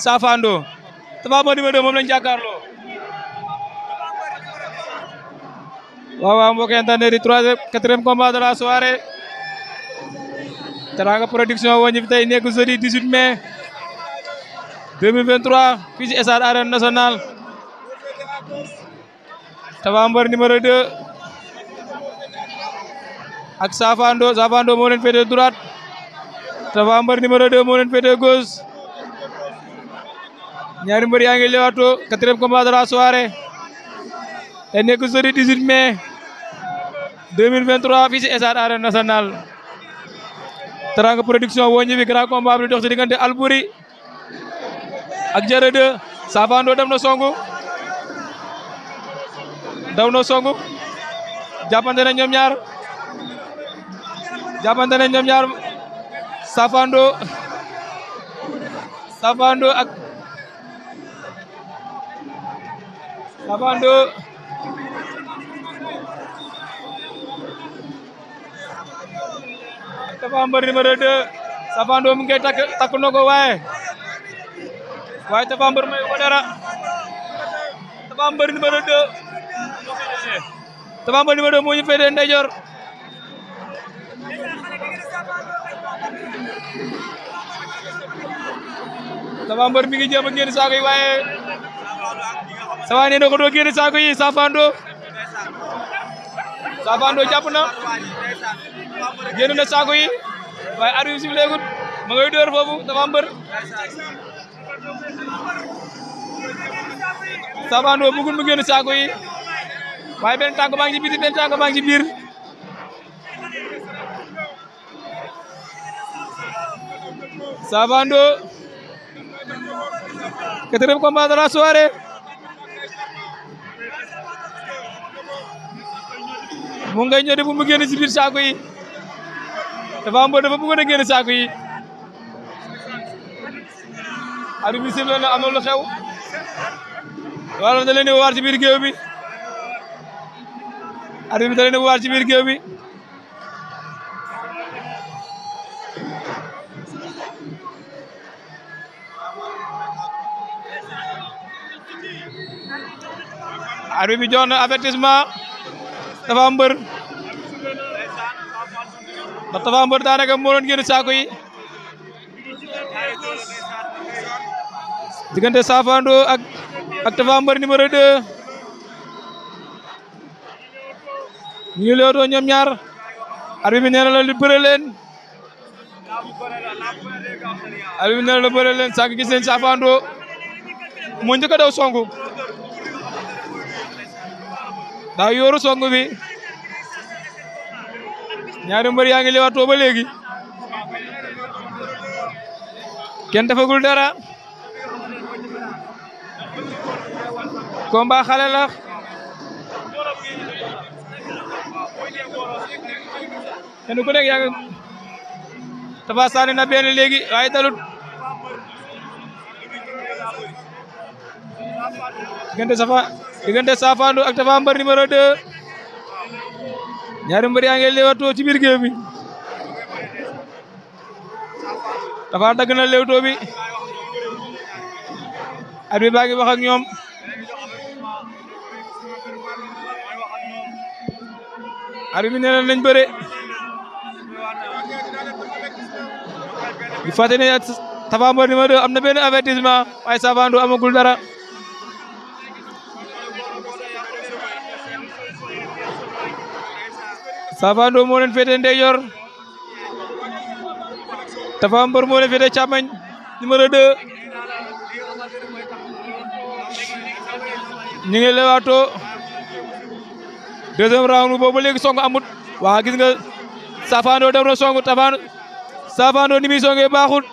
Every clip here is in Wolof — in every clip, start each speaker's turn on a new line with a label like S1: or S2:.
S1: Safando Tapha Mbeur numéro 2 moom lañu jàkkaarloo waaw waaw mbokk internet yi troisième soirée Teranga production woo ñu fi tey nekk jeudi 18 mai 2023 fii ci stade arène nationale Tapha Mbeur numéro 2 ak Safando Safando moo leen féetee droite Tapha Mbeur numéro 2 moo leen féetee ñaari mbër yaa ngi lewaatoo quatrième combat de la soirée te nekk jeudi 18 mai 2023 fii ci stade Arène Nationale Teranga production woo ñëwi grand combat bi dox ci diggante Albouri ak Jara 2 Safando dem na songu daw na songu jàppante na ñoom ñaar jàppante na ñom ñaar Safando Safando ak Lavando. Tapha Mbeur numéro 2 Lavando mu ngi koy takk takk na ko waaye waaye Tapha Mbeur may ko dara Tapha Mbeur numéro 2 Tapha Mbeur numéro 2 moo ñu féetee ndeyjoor Tapha Mbeur mi ngi jéem a génn saako yi waaye sa waay nee na ko doo génne saako yi Safando Safando jàpp na génn na saako yi waaye ar yu si léegut ma foofu dafa mbër Safando mugul mu génn saako yi waaye benn tànk baa ngi ci biti benn tànk baa ngi ci biir Safando quatrième combat de mu ngay ñëw defu mu génn si biir saako yi dafa mbër dafa bëggoon a génn saako yi ar bi sim na am na lu xew wala da leen di waar ci biir géew bi ar bi da leen di waar ci biir géew bi ar bi jox avertissement Tapha Mbeur ndax Tapha Mbeur daanaka moo doon génn saako yi diggante Safando ak ak Tapha Mbeur numéro 2 ñu ngi leewtoo ñoom ñaar ar bi mi nee na la lu ar bi mi nee na la bëre leen sànq gis nañ Safando moo njëkk a daw songu daa yooru song bi ñaari mbër yaa ngi lewaatoo ba léegi kenn defagul dara combat xale la kenn ku nekk yaa ngi Tapha Sané na benn léegi waaye dalut diggante Tapha diggante Safandou ak Tapha Mbeur numéro 2 ñaari mbër yaa ngi leewtoo ci biir géew bi Tapha dagg na leewtoo bi at bi baa ngi wax ak ñoom at bi nee nañ bëre di fàttali ne Tapha Mbeur numéro 2 am na benn avertissement waaye Safandou amagul dara. Safando moo leen féete ndeyjoor Tapha Mbeur moo leen féete càmmoñ numéro 2 ñu ngi lewaatoo boobu léegi song amut waa gis nga Safando dem na song Tapha Safando ni muy songee baaxul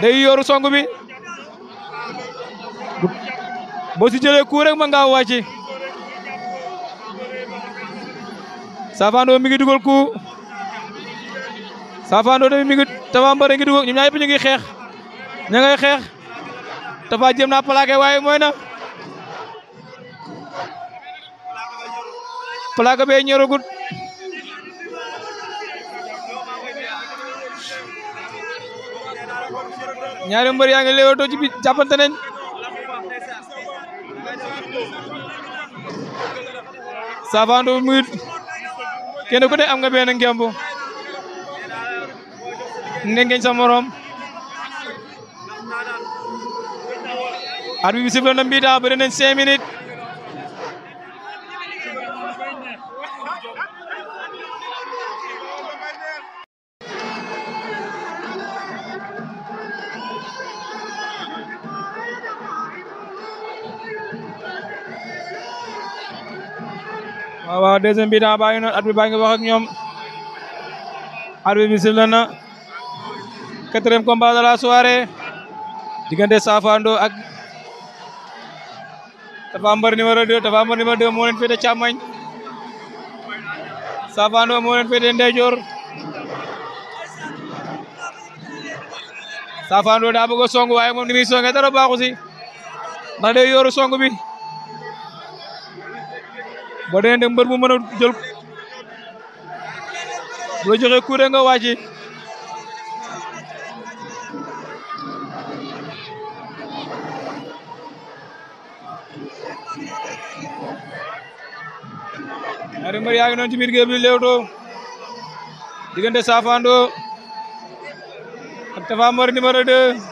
S1: day yooru song bi boo si jëlee coup rek mën Safando mi ngi dugal ku Safando tamit mi ngi Tapha Mbeur ngi dugal ñoom ñaar ñu ngi xeex ña xeex Tapha jéem naa plaqué waaye mooy na plaqué bee ñëragut ñaari mbër yaa ngi leewatoo ci biir jàppante nañ Safando muy kenn ku ne am nga benn ngemb ndengeñ sa morom arbitre bi sifflé na mbiita bëri nañ cinq minutes waaw waaw deuxième mi-temps baa ngi noonu at baa ngi wax ak ñoom at bi bisimilah na quatrième diggante Safando ak Tapha Mbeur numéro 2 Tapha Mbeur numéro 2 moo leen féete càmmoñ Safando moo leen féete ndeyjoor Safando daa bëgg a song waaye moom ni songee dara baaxu si ndax day yooru song bi. boo dee mbër mu mën a jël bu la joxee kuure nga wàcci yaa ngi noonu ci biir géej bi léewtoo diggante Safando ak Tafa Mor numéro 2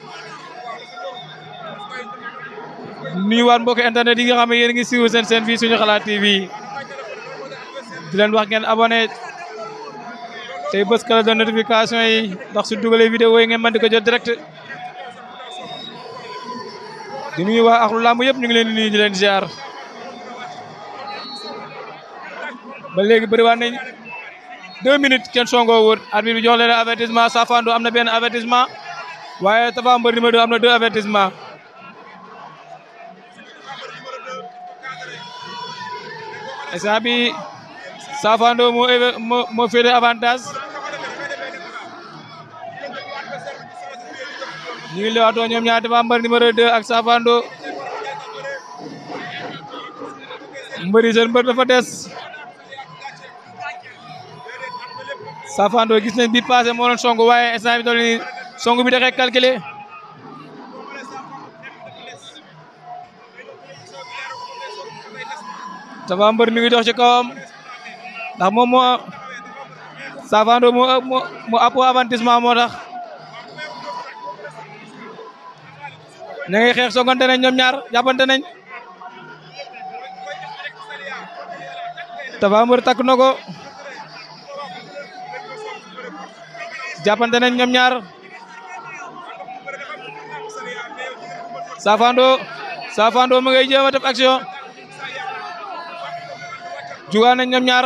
S1: nuyuwaat mbokk internet yi nga xam ne yéen ngi siiw seen seen fii suñu xalaat TV di leen wax ngeen abonné tey bës kala doon notification yi ndax su dugalee vidéo yi ngeen mën di ko jot direct di nuyu waa axlu làmb yëpp ñu ngi leen di nuyu di leen ziar ba léegi bëriwaat nañ deux minutes kenn songoo wut arbitre bi jox leen avertissement Safando am na benn avertissement waaye Tapha Mbeur numéro deux am na deux avertissement instant bi Safando moo moo moo féete avantage ñu ngi lewaatoo ñoom ñaar dafa mbër numéro 2 ak Safando mbëri seen mbër dafa des Safando gis nañ bi passé moo doon song waaye instant bi doon song bi da koy calculer Tapha Mbeur mi ngi dox ci kawam ndax moom moo Savando moo moo appo avertissement moo ña ngi xeex songante nañ ñoom ñaar jàppante nañ Tapha Mbeur takk na ko jàppante nañ ñoom ñaar Savando Savando mu ngay jéem def action jugaan nañ ñoom ñaar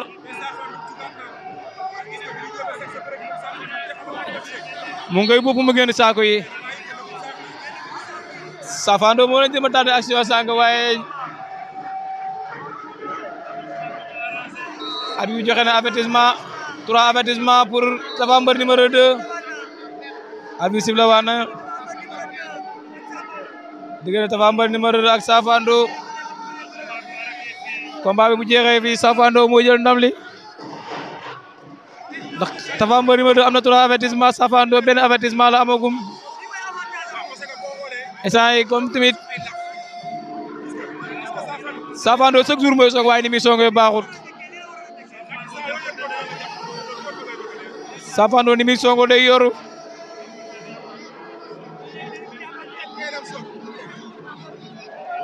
S1: mu ngay mu génn saako yi Safando moo leen jëm a tardé action sànq waaye at bi joxe na avertissement trois avertissement pour Safa Mbeur numéro deux at bi sifla waa na diggante Safa ak Safando combat bi bu jeexee fii Safando mooy jël ndam li ndax Tapha Mbeur am na trois avertissement Safando benn avertissement la amagum instant yi comme tamit Safando chaque jour mooy soog waaye ni baaxut Safando ni muy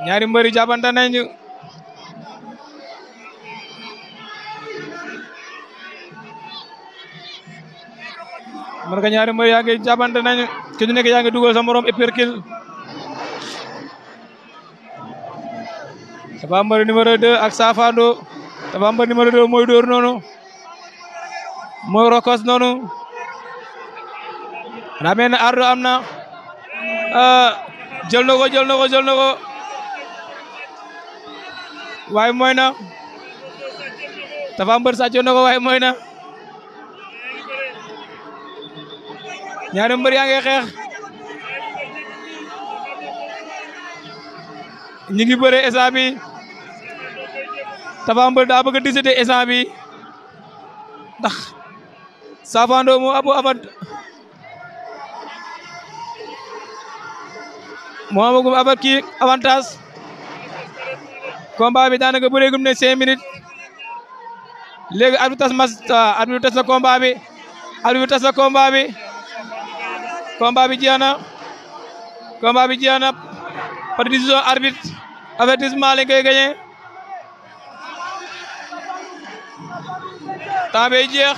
S1: ñaari mbëri jàppante nañu man ko ñaari mbër yaa ngi jàppante nañu ki ñu nekk yaa ngi dugal sa morom éperkil Tapha Mbeur numéro 2 ak Safando Tapha Mbeur numéro 2 mooy dóor noonu mooy rokos ardo am na ah, jël na ko jël na ko jël na ko waaye ñaari mbër yaa ngi xeex ñi ngi bëre instant bi Tapha daa bëgg a décider instant bi ndax Safando moo abu abat moo amagum abat kii avantage combat bi daanaka bëreegum ne cinq minutes léegi arbitre tas mas ah, arbitre tas na combat bi tas na combat bi combat bi jeex na combat bi jeex na par décision arbitre avertissement lañ koy gagné temps bee jeex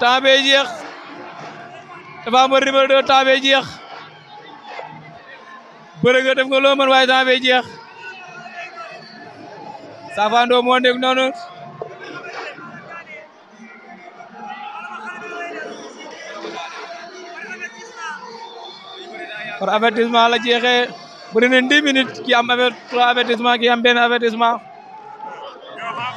S1: temps bee jeex dafa am numéro deux temps waaye temps bee jeex Safando moo noonu par avertissement la jeexee bëri na 10 minutes ki am aver trois avertissement ki am benn avertissement